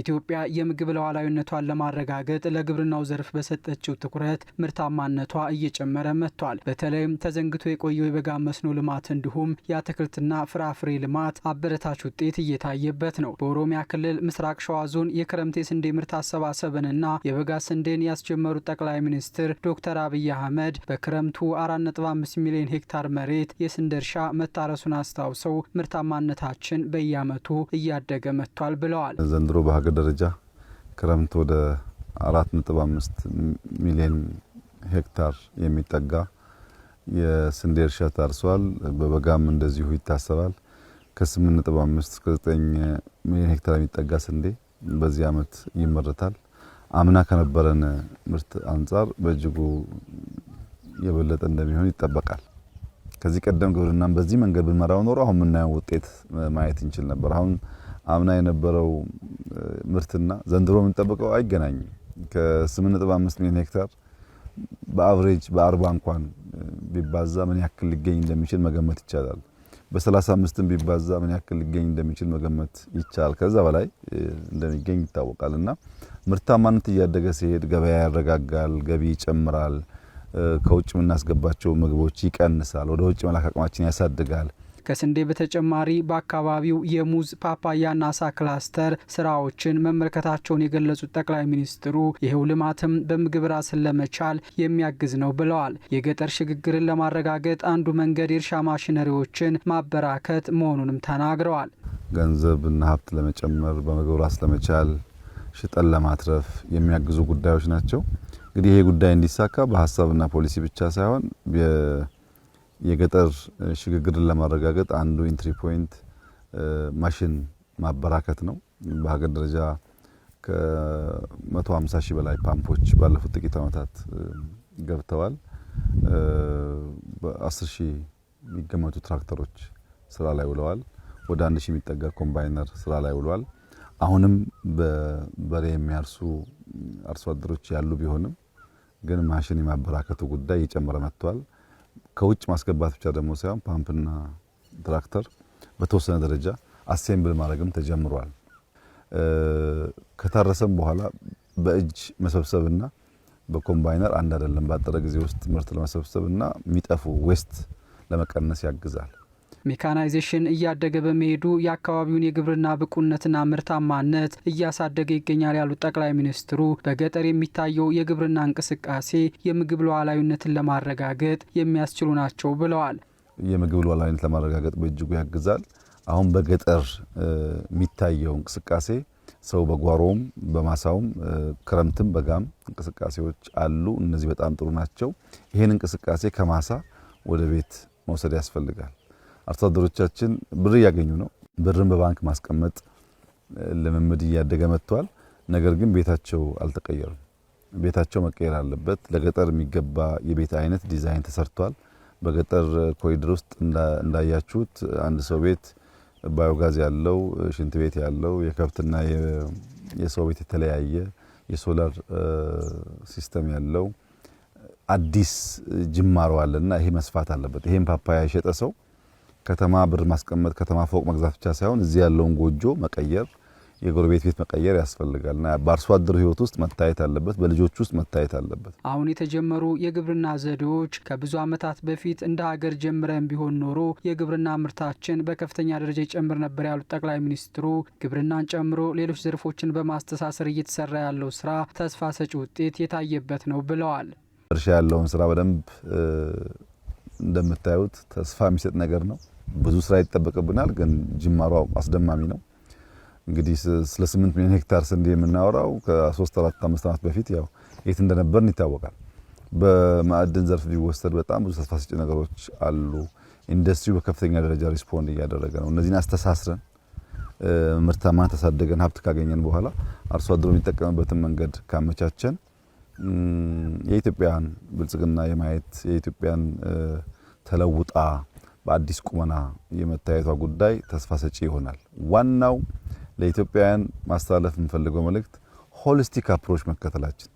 ኢትዮጵያ የምግብ ሉዓላዊነቷን ለማረጋገጥ ለግብርናው ዘርፍ በሰጠችው ትኩረት ምርታማነቷ እየጨመረ መጥቷል። በተለይም ተዘንግቶ የቆየው የበጋ መስኖ ልማት እንዲሁም የአትክልትና ፍራፍሬ ልማት አበረታች ውጤት እየታየበት ነው። በኦሮሚያ ክልል ምስራቅ ሸዋ ዞን የክረምት የስንዴ ምርት አሰባሰብንና የበጋ ስንዴን ያስጀመሩት ጠቅላይ ሚኒስትር ዶክተር አብይ አህመድ በክረምቱ 4.5 ሚሊዮን ሄክታር መሬት የስንዴ እርሻ መታረሱን አስታውሰው ምርታማነታችን በየዓመቱ እያደገ መጥቷል ብለዋል። በሀገር ደረጃ ክረምት ወደ 4.5 ሚሊዮን ሄክታር የሚጠጋ የስንዴ እርሻ ታርሷል። በበጋም እንደዚሁ ይታሰባል። ከ8.5 እስከ 9 ሚሊዮን ሄክታር የሚጠጋ ስንዴ በዚህ አመት ይመረታል። አምና ከነበረን ምርት አንጻር በእጅጉ የበለጠ እንደሚሆን ይጠበቃል። ከዚህ ቀደም ግብርናን በዚህ መንገድ ብንመራው ኖሮ አሁን የምናየው ውጤት ማየት እንችል ነበር። አሁን አምና የነበረው ምርትና ዘንድሮ የምንጠብቀው አይገናኝም። ከ8.5 ሚሊዮን ሄክታር በአቨሬጅ በ40 እንኳን ቢባዛ ምን ያክል ሊገኝ እንደሚችል መገመት ይቻላል። በ35ም ቢባዛ ምን ያክል ሊገኝ እንደሚችል መገመት ይቻላል። ከዛ በላይ እንደሚገኝ ይታወቃል። እና ምርታማነት እያደገ ሲሄድ ገበያ ያረጋጋል፣ ገቢ ይጨምራል፣ ከውጭ የምናስገባቸው ምግቦች ይቀንሳል፣ ወደ ውጭ መላክ አቅማችን ያሳድጋል። ከስንዴ በተጨማሪ በአካባቢው የሙዝ ፓፓያና አሳ ክላስተር ስራዎችን መመልከታቸውን የገለጹት ጠቅላይ ሚኒስትሩ ይህው ልማትም በምግብ ራስን ለመቻል የሚያግዝ ነው ብለዋል። የገጠር ሽግግርን ለማረጋገጥ አንዱ መንገድ የእርሻ ማሽነሪዎችን ማበራከት መሆኑንም ተናግረዋል። ገንዘብና ሀብት ለመጨመር በምግብ ራስ ለመቻል ሽጠን ለማትረፍ የሚያግዙ ጉዳዮች ናቸው። እንግዲህ ይሄ ጉዳይ እንዲሳካ በሀሳብና ፖሊሲ ብቻ ሳይሆን የገጠር ሽግግርን ለማረጋገጥ አንዱ ኢንትሪ ፖይንት ማሽን ማበራከት ነው። በሀገር ደረጃ ከ150 ሺህ በላይ ፓምፖች ባለፉት ጥቂት ዓመታት ገብተዋል። በ10 ሺህ የሚገመቱ ትራክተሮች ስራ ላይ ውለዋል። ወደ አንድ ሺህ የሚጠጋ ኮምባይነር ስራ ላይ ውለዋል። አሁንም በበሬ የሚያርሱ አርሶ አደሮች ያሉ ቢሆንም ግን ማሽን የማበራከቱ ጉዳይ እየጨመረ መጥቷል። ከውጭ ማስገባት ብቻ ደግሞ ሳይሆን ፓምፕና ትራክተር በተወሰነ ደረጃ አሴምብል ማድረግም ተጀምሯል። ከታረሰም በኋላ በእጅ መሰብሰብና በኮምባይነር አንድ አይደለም። ባጠረ ጊዜ ውስጥ ምርት ለመሰብሰብና የሚጠፉ ዌስት ለመቀነስ ያግዛል። ሜካናይዜሽን እያደገ በመሄዱ የአካባቢውን የግብርና ብቁነትና ምርታማነት እያሳደገ ይገኛል ያሉት ጠቅላይ ሚኒስትሩ በገጠር የሚታየው የግብርና እንቅስቃሴ የምግብ ሉዓላዊነትን ለማረጋገጥ የሚያስችሉ ናቸው ብለዋል። የምግብ ሉዓላዊነት ለማረጋገጥ በእጅጉ ያግዛል። አሁን በገጠር የሚታየው እንቅስቃሴ ሰው በጓሮም በማሳውም ክረምትም በጋም እንቅስቃሴዎች አሉ። እነዚህ በጣም ጥሩ ናቸው። ይህን እንቅስቃሴ ከማሳ ወደ ቤት መውሰድ ያስፈልጋል። አርሶ አደሮቻችን ብር እያገኙ ነው። ብርን በባንክ ማስቀመጥ ልምምድ እያደገ መጥቷል። ነገር ግን ቤታቸው አልተቀየሩም። ቤታቸው መቀየር አለበት። ለገጠር የሚገባ የቤት አይነት ዲዛይን ተሰርቷል። በገጠር ኮሪደር ውስጥ እንዳያችሁት አንድ ሰው ቤት ባዮጋዝ ያለው ሽንት ቤት ያለው የከብትና የሰው ቤት የተለያየ የሶላር ሲስተም ያለው አዲስ ጅማሮ አለና ይሄ መስፋት አለበት። ይሄን ፓፓያ የሸጠ ሰው ከተማ ብር ማስቀመጥ፣ ከተማ ፎቅ መግዛት ብቻ ሳይሆን እዚህ ያለውን ጎጆ መቀየር፣ የጎረቤት ቤት መቀየር ያስፈልጋልና በአርሶ አደር ህይወት ውስጥ መታየት አለበት፣ በልጆች ውስጥ መታየት አለበት። አሁን የተጀመሩ የግብርና ዘዴዎች ከብዙ ዓመታት በፊት እንደ ሀገር ጀምረን ቢሆን ኖሮ የግብርና ምርታችን በከፍተኛ ደረጃ ይጨምር ነበር ያሉት ጠቅላይ ሚኒስትሩ ግብርናን ጨምሮ ሌሎች ዘርፎችን በማስተሳሰር እየተሰራ ያለው ስራ ተስፋ ሰጪ ውጤት የታየበት ነው ብለዋል። እርሻ ያለውን ስራ በደንብ እንደምታዩት ተስፋ የሚሰጥ ነገር ነው። ብዙ ስራ ይጠበቅብናል፣ ግን ጅማሯ አስደማሚ ነው። እንግዲህ ስለ 8 ሚሊዮን ሄክታር ስንዴ የምናወራው ከ3 4 5 ዓመት በፊት ያው የት እንደነበርን ይታወቃል። በማዕድን ዘርፍ ቢወሰድ በጣም ብዙ ተስፋ ሰጪ ነገሮች አሉ። ኢንዱስትሪው በከፍተኛ ደረጃ ሪስፖንድ እያደረገ ነው። እነዚህን አስተሳስረን ምርታማ ተሳደገን ሀብት ካገኘን በኋላ አርሶ አደሩ የሚጠቀምበትን መንገድ ካመቻቸን የኢትዮጵያን ብልጽግና የማየት የኢትዮጵያን ተለውጣ በአዲስ ቁመና የመታየቷ ጉዳይ ተስፋ ሰጪ ይሆናል። ዋናው ለኢትዮጵያውያን ማስተላለፍ የምፈልገው መልእክት ሆሊስቲክ አፕሮች መከተላችን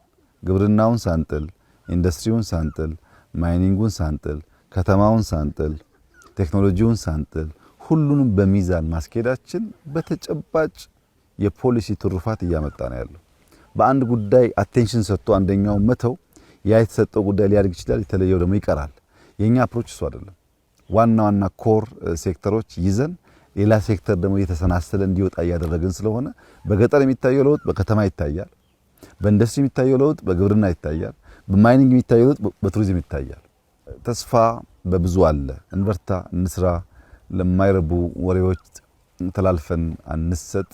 ግብርናውን ሳንጥል፣ ኢንዱስትሪውን ሳንጥል፣ ማይኒንጉን ሳንጥል፣ ከተማውን ሳንጥል፣ ቴክኖሎጂውን ሳንጥል ሁሉንም በሚዛን ማስኬዳችን በተጨባጭ የፖሊሲ ትሩፋት እያመጣ ነው ያለው። በአንድ ጉዳይ አቴንሽን ሰጥቶ አንደኛው መተው ያ የተሰጠው ጉዳይ ሊያድግ ይችላል፣ የተለየው ደግሞ ይቀራል። የኛ አፕሮች እሱ አይደለም። ዋና ዋና ኮር ሴክተሮች ይዘን ሌላ ሴክተር ደግሞ እየተሰናሰለ እንዲወጣ እያደረግን ስለሆነ በገጠር የሚታየው ለውጥ በከተማ ይታያል። በኢንዱስትሪ የሚታየው ለውጥ በግብርና ይታያል። በማይኒንግ የሚታየው ለውጥ በቱሪዝም ይታያል። ተስፋ በብዙ አለ። እንበርታ፣ እንስራ፣ ለማይረቡ ወሬዎች ተላልፈን አንሰጥ።